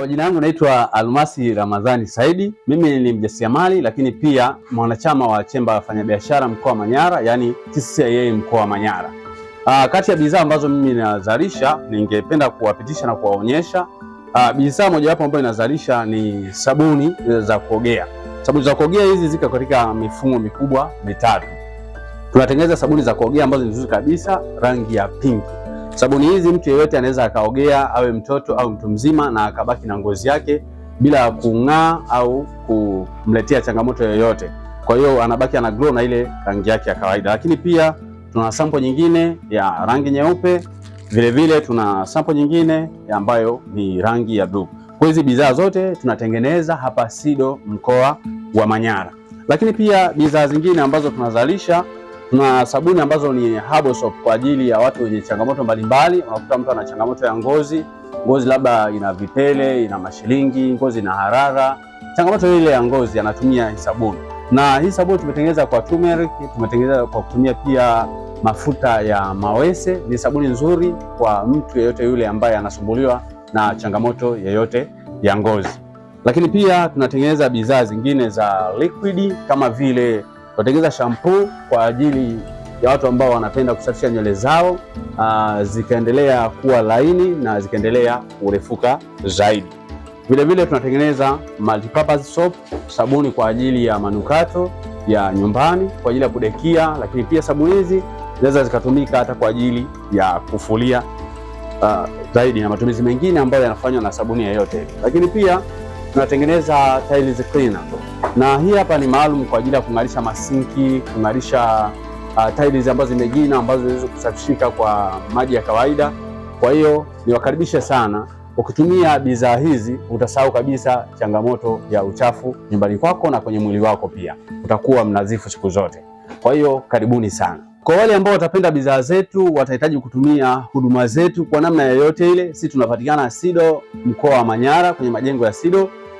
Kwa jina langu naitwa Almasi Ramadhani Saidi. Mimi ni mjasiriamali lakini pia mwanachama wa chemba wafanyabiashara mkoa wa Manyara, yaani TCCIA mkoa wa Manyara. Aa, ah, kati ya bidhaa ambazo mimi nazalisha ningependa kuwapitisha na kuwaonyesha ah, bidhaa mojawapo ambayo inazalisha ni sabuni za kuogea. Sabuni za kuogea hizi ziko katika mifumo mikubwa mitatu. Tunatengeneza sabuni za kuogea ambazo ni nzuri kabisa, rangi ya pinki Sabuni hizi mtu yeyote anaweza akaogea, awe mtoto au mtu mzima, na akabaki na ngozi yake bila kung'aa au kumletea changamoto yoyote. Kwa hiyo anabaki ana glow na ile rangi yake ya kawaida. Lakini pia tuna sampo nyingine ya rangi nyeupe, vilevile tuna sampo nyingine ambayo ni rangi ya blue. Kwa hizi bidhaa zote tunatengeneza hapa SIDO mkoa wa Manyara, lakini pia bidhaa zingine ambazo tunazalisha na sabuni ambazo ni herbal soap kwa ajili ya watu wenye changamoto mbalimbali. Unakuta mtu ana changamoto ya ngozi, ngozi labda ina vipele, ina mashilingi, ngozi ina harara, changamoto ile ya ngozi, anatumia hii sabuni. Na hii sabuni tumetengeneza kwa turmeric, tumetengeneza kwa kutumia pia mafuta ya mawese. Ni sabuni nzuri kwa mtu yeyote yule ambaye anasumbuliwa na changamoto yeyote ya ngozi, lakini pia tunatengeneza bidhaa zingine za liquidi kama vile Tunatengeneza shampoo kwa ajili ya watu ambao wanapenda kusafisha nywele zao ah, zikaendelea kuwa laini na zikaendelea kurefuka zaidi. Vilevile tunatengeneza multipurpose soap, sabuni kwa ajili ya manukato ya nyumbani kwa ajili ya kudekia, lakini pia sabuni hizi zinaweza zikatumika hata kwa ajili ya kufulia uh, zaidi na matumizi mengine ambayo yanafanywa na sabuni yoyote. Lakini pia tunatengeneza tiles cleaner na hii hapa ni maalum kwa ajili ya kung'arisha masinki, kung'arisha uh, tiles ambazo zimejina ambazo zinaweza kusafishika kwa maji ya kawaida. Kwa hiyo niwakaribishe sana. Ukitumia bidhaa hizi utasahau kabisa changamoto ya uchafu nyumbani kwako na kwenye mwili wako pia, utakuwa mnadhifu siku zote. Kwa hiyo karibuni sana. Kwa wale ambao watapenda bidhaa zetu, watahitaji kutumia huduma zetu kwa namna yoyote ile, sisi tunapatikana Sido, mkoa wa Manyara, kwenye majengo ya Sido.